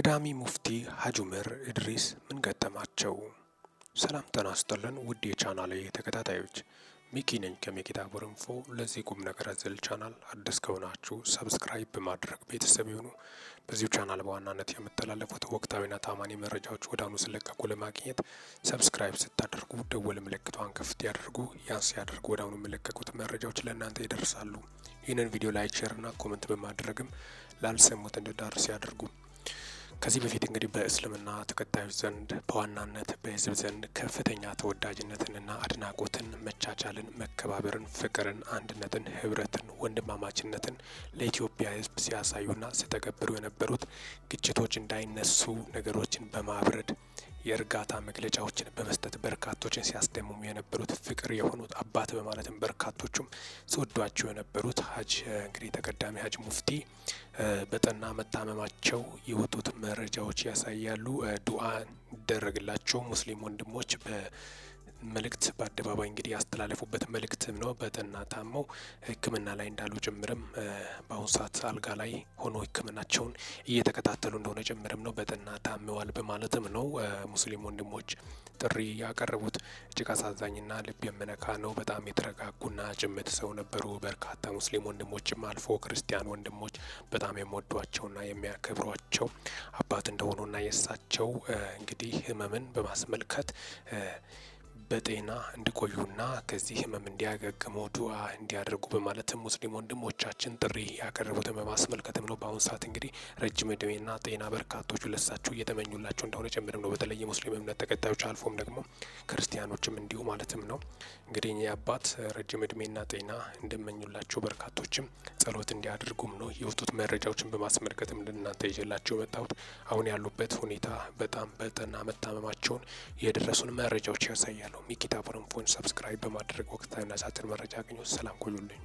ቀዳሚ ሙፍቲ ሀጅ ምር ኢድሪስ ምን ገጠማቸው? ሰላም ተናስተልን ይስጥልን ውድ የቻናሌ ተከታታዮች ሚኪ ነኝ ከሚኪታ ቦርንፎ። ለዚህ ቁም ነገር አዘል ቻናል አዲስ ከሆናችሁ ሰብስክራይብ በማድረግ ቤተሰብ የሆኑ በዚሁ ቻናል በዋናነት የምተላለፉት ወቅታዊና ታማኒ መረጃዎች ወደ አሁኑ ስለቀቁ ለማግኘት ሰብስክራይብ ስታደርጉ ደወል ምልክቷን ክፍት ያደርጉ። ያንስ ያደርጉ ወደ አሁኑ የሚለቀቁት መረጃዎች ለእናንተ ይደርሳሉ። ይህንን ቪዲዮ ላይክ፣ ሼርና ኮመንት በማድረግም ላልሰሙት እንዲዳረስ ያደርጉ። ከዚህ በፊት እንግዲህ በእስልምና ተከታዮች ዘንድ በዋናነት በህዝብ ዘንድ ከፍተኛ ተወዳጅነትንና አድናቆትን፣ መቻቻልን፣ መከባበርን፣ ፍቅርን፣ አንድነትን፣ ህብረትን፣ ወንድማማችነትን ለኢትዮጵያ ህዝብ ሲያሳዩና ሲተገብሩ የነበሩት ግጭቶች እንዳይነሱ ነገሮችን በማብረድ የእርጋታ መግለጫዎችን በመስጠት በርካቶችን ሲያስደምሙ የነበሩት ፍቅር የሆኑት አባት በማለትም በርካቶቹም ሲወዷቸው የነበሩት ሀጅ እንግዲህ ተቀዳሚ ሀጅ ሙፍቲ በጠና መታመማቸው የወጡት መረጃዎች ያሳያሉ። ዱአ እንዲደረግላቸው ሙስሊም ወንድሞች መልእክት በአደባባይ እንግዲህ ያስተላለፉበት መልእክትም ነው። በጠና ታመው ሕክምና ላይ እንዳሉ ጭምርም በአሁኑ ሰዓት አልጋ ላይ ሆኖ ሕክምናቸውን እየተከታተሉ እንደሆነ ጭምርም ነው። በጠና ታመዋል በማለትም ነው ሙስሊም ወንድሞች ጥሪ ያቀረቡት። እጅግ አሳዛኝና ልብ የምነካ ነው። በጣም የተረጋጉና ጭምት ሰው ነበሩ። በርካታ ሙስሊም ወንድሞችም አልፎ ክርስቲያን ወንድሞች በጣም የሚወዷቸውና የሚያከብሯቸው አባት እንደሆኑና የእሳቸው እንግዲህ ህመምን በማስመልከት በጤና እንዲቆዩና ከዚህ ህመም እንዲያገግሙ ዱአ እንዲያደርጉ በማለትም ሙስሊም ወንድሞቻችን ጥሪ ያቀረቡትን በማስመልከትም ነው። በአሁኑ ሰዓት እንግዲህ ረጅም እድሜና ጤና በርካቶቹ ለሳቸው እየተመኙላቸው እንደሆነ ጭምርም ነው። በተለይ የሙስሊም እምነት ተከታዮች አልፎም ደግሞ ክርስቲያኖችም እንዲሁ ማለትም ነው። እንግዲህ አባት ረጅም እድሜና ጤና እንደመኙላቸው በርካቶችም ጸሎት እንዲያደርጉም ነው የወጡት መረጃዎችን በማስመልከትም ለእናንተ ይዤላቸው መጣሁት። አሁን ያሉበት ሁኔታ በጣም በጠና መታመማቸውን የደረሱን መረጃዎች ያሳያሉ። ሚኪታ ቦረንፎን ሰብስክራይብ በማድረግ ወቅታዊና ሳጭር መረጃ አገኙ። ሰላም ቆዩልኝ።